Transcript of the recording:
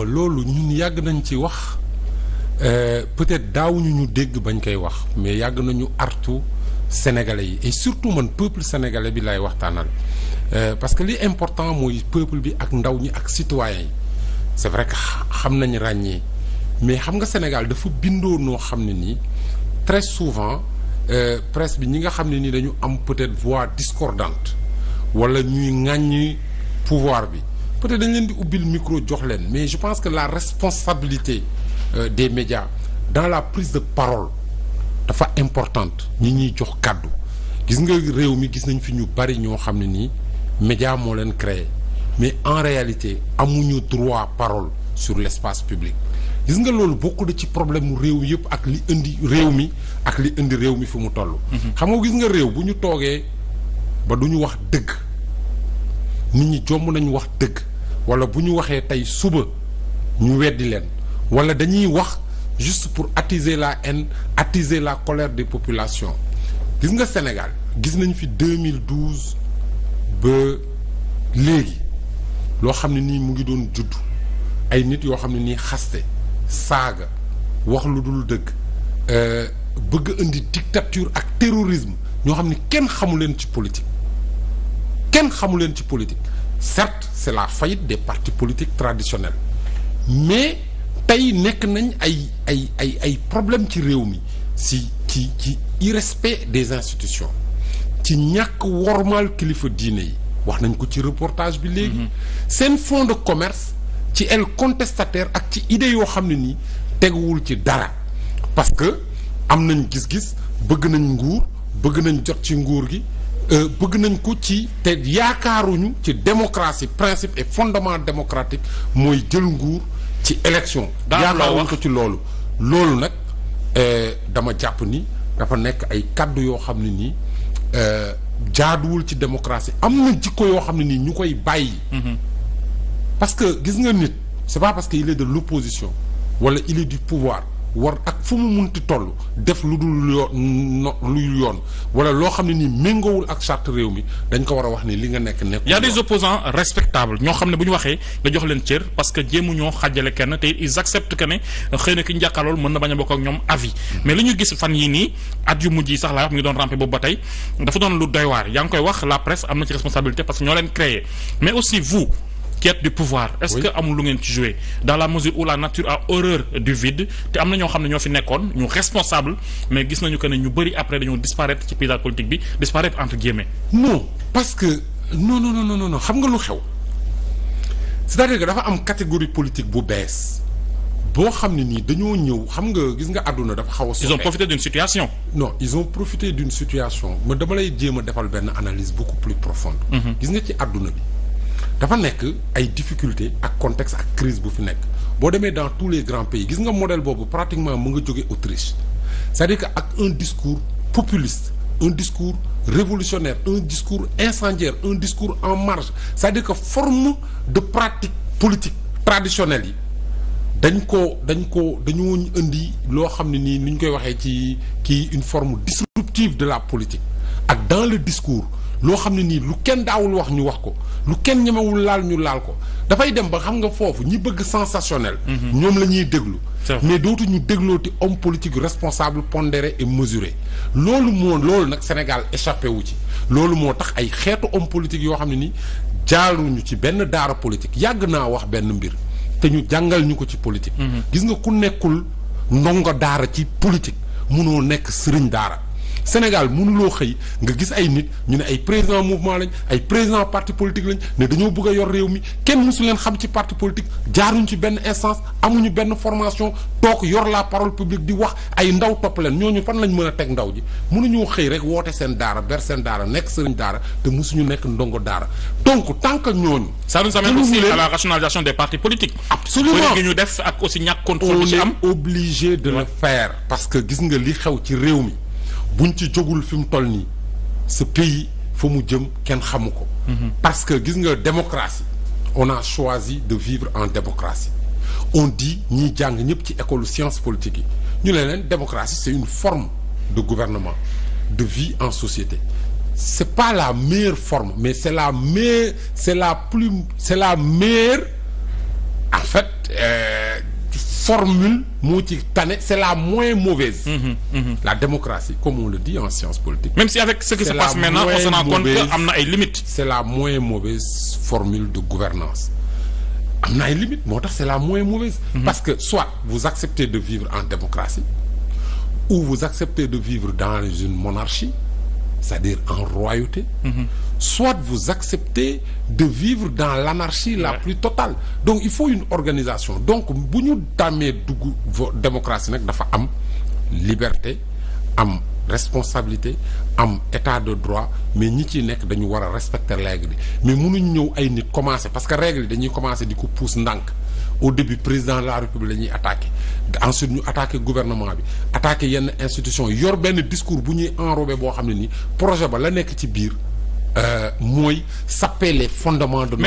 ba loolu ñun yàgg nañ ci wax euh, peut-être daawuñu ñu dégg bañ koy wax mais yàgg nañu artu sénégalais yi et surtout man peuple sénégalais bi lay waxtaanal euh, parce que li important mooy peuple bi ak ndaw ñi ak citoyens yi c'est vrai xam nañ ràññee mais xam nga Sénégal dafa bindoo noo xam ne nii très souvent euh, presse bi ñi nga xam ne nii dañu am peut-être voix discordante wala ñuy ŋàññi pouvoir bi peut dañ leen di ubbil micro jox leen mais je pense que la responsabilité euh, des médias dans la prise de parole dafa importante ñi ñuy jox kàddu gis nga réew mi gis nañ fi ñu bari ñoo xam ne nii média moo leen créer mais en réalité amuñu droit parole sur l'espace public gis nga loolu bokk na ci problème mu réew yëpp ak li indi réew mi ak li indi réew mi fi mu toll. Mhm. xam nga gis nga réew bu ñu toogee ba du ñu wax dëgg nit ñi jomb nañu wax dëgg. wala bu ñu waxee tey suba ñu weddi leen wala dañuy wax juste pour attiser la haine attiser la colère des population gis nga Sénégal gis nañ fi 2012 ba léegi loo xam ne nii mu ngi doon judd ay nit yoo xam ne nii xaste saaga wax lu dul dëgg euh, bëgg indi dictature ak terrorisme ñoo xam ne kenn xamu leen ci politique kenn xamu leen ci politique certes c'est la faillite des partis politiques traditionnels mais tey nekk nañ ay ay ay ay problème ci réew mi si ci ci irrespect des institutions ci ñàkk wormaal kilifa diine yi wax nañ ko ci reportage bi léegi mhm. seen fonds de commerce ci el contestataire ak ci idée yoo xam ne nii teguwul ci dara parce que am nañ gis-gis bëgg nañ nguur bëgg nañ jot ci nguur gi Euh, bëgg nañ ko ci te yaakaaruñu ci démocratie principe et fondement démocratique mooy jël nguur ci élection yaakaaruñu ko ci loolu loolu nag euh, dama jàpp ni dafa nekk ay kàddu yoo xam ne nii euh, jaaduwul ci démocratie am na jikko yoo xam ne nii ñu koy bàyyi mm-hmm. parce que gis nga nit c'est pas parce que il est de l'opposition wala il est du pouvoir war ak fu mu munti toll def lu dul yoon lu yoon wala loo xam ne nii méngoowul ak charte réew mi dañ ko war a wax ni li nga nekk nekk. y a des opposants respectables ñoo xam ne bu ñu waxee nga jox leen cër parce que jéemu ñoo xajale kenn te ils acceptent que ne xëy na ki ñu mën na bañ a bokk ak ñoom avis mais li ñu gis fan yii nii at yu mujj yi sax laa wax mi ngi doon rampe boobu ba tey dafa doon lu doy waar yaa ngi koy wax la presse am na ci responsabilité parce que aussi vous. quête du pouvoir est-ce oui. que amul lu ngeen ci jouer dans la mesure où la nature a horreur du vide te am na ñoo xam ne ñoo fi nekkoon ñu responsable mais gis nañu que ne ñu bari après dañoo disparaître ci paysage politique bi disparaître entre guillemets non parce que non non non non xam nga lu xew c'est-à-dire que dafa am catégorie politique bu bees boo xam ne nii dañoo ñëw xam nga gis nga àdduna dafa xaw a. ils ont profité d'une situation. non ils ont profité du situation ma dama lay jéem a defal benn analyse beaucoup plus profonde. Mhm. gis nga ci àdduna bi. dafa nekk ay difficultés ak contexte ak crise bu fi nekk boo demee dans tous les grands pays gis nga modèle boobu pratiquement mu nga jóge Autriche c'est-à-dire que ak un discours populiste un discours révolutionnaire un discours incendiaire un discours en marge c'est-à-dire que forme de pratique politique traditionnelle yi dañ ko dañ ko dañu indi loo xam ne nii ni ñu koy waxee ci kii une forme disruptive de la politique ak dans le discours loo xam ne nii lu kenn daawul wax ñu wax ko lu kenn ñemewul laal ñu laal ko dafay dem ba xam nga foofu ñi bëgg sensationnel. Mhm. ñoom la ñuy déglu. mais dootuñu déglooti homme politique responsable pondéré et mesuré loolu moo loolu nag Sénégal échappé wu ci loolu moo tax ay xeetu homme politique yoo xam ne nii jaaruñu ci benn daara politique yàgg naa wax benn mbir te ñu jàngal ñu ko ci politique. Mhm. gis nga ku nekkul ndongo daara ci politique munoo nekk sëriñ daara. Sénégal loo xëy nga gis ay nit ñu ne ay président mouvement lañ ay président parti politique lañ ne dañoo bëgg a yor réew mi kenn mësu leen xam ci parti politique jaaruñ ci benn instance amuñu benn formation toog yor la parole publique di wax ay ndaw topp leen ñooñu fan lañ mën a teg ndaw ji mënuñoo xëy rek woote seen daara ber seen daara nekk sëriñ daara te mësuñu nekk ndongo daara donc tant que ñooñu. sa nous amène aussi à la des partis politiques. absolument gi ñu def ak aussi ñàkk am on est obligé de le faire parce que gis nga li xew ci réew mi. bu buñ ci jógul fi mu toll nii ce pays fa mu jëm kenn xamu ko. Mhm. parce que gis nga démocratie on a choisi de vivre en démocratie on dit ñiy jàng ñëpp ci école science politique yi ñu ne leen démocratie c'est une forme de gouvernement de vie en société c'est pas la meilleure forme mais c'est la meilleure c'est la plus c'est la meilleure en fait. Euh, formule moo ci tane c'est la moins mauvaise. Mmh, mmh. la démocratie comme on le dit en sciences politiques. même si avec ce qui se passe maintenant on se rend compte que am na ay limites. c'est la moins mauvaise formule de gouvernance am na ay limites moo tax c'est la moins mauvaise. Mmh. parce que soit vous acceptez de vivre en démocratie ou vous acceptez de vivre dans une monarchie c'est-à-dire en royauté. Mhm. soit vous acceptez de vivre dans l'anarchie la plus totale donc il faut une organisation donc bu ñu tàmmee dugg démocratie nag dafa am liberté am responsabilité am état de droit mais ñi ci nekk dañu war a respecter règle bi mais mënuñ ñëw ay nit commencer parce que règle yi dañuy commencer di ko pousse ndànk au début président de la république la ñuy attaqué ensuite ñu attaque gouvernement bi attaque yenn institution yor benn discours bu ñuy enrobé boo xam ne nii projet ba la nekk ci biir Euh, mooy saper les fondements de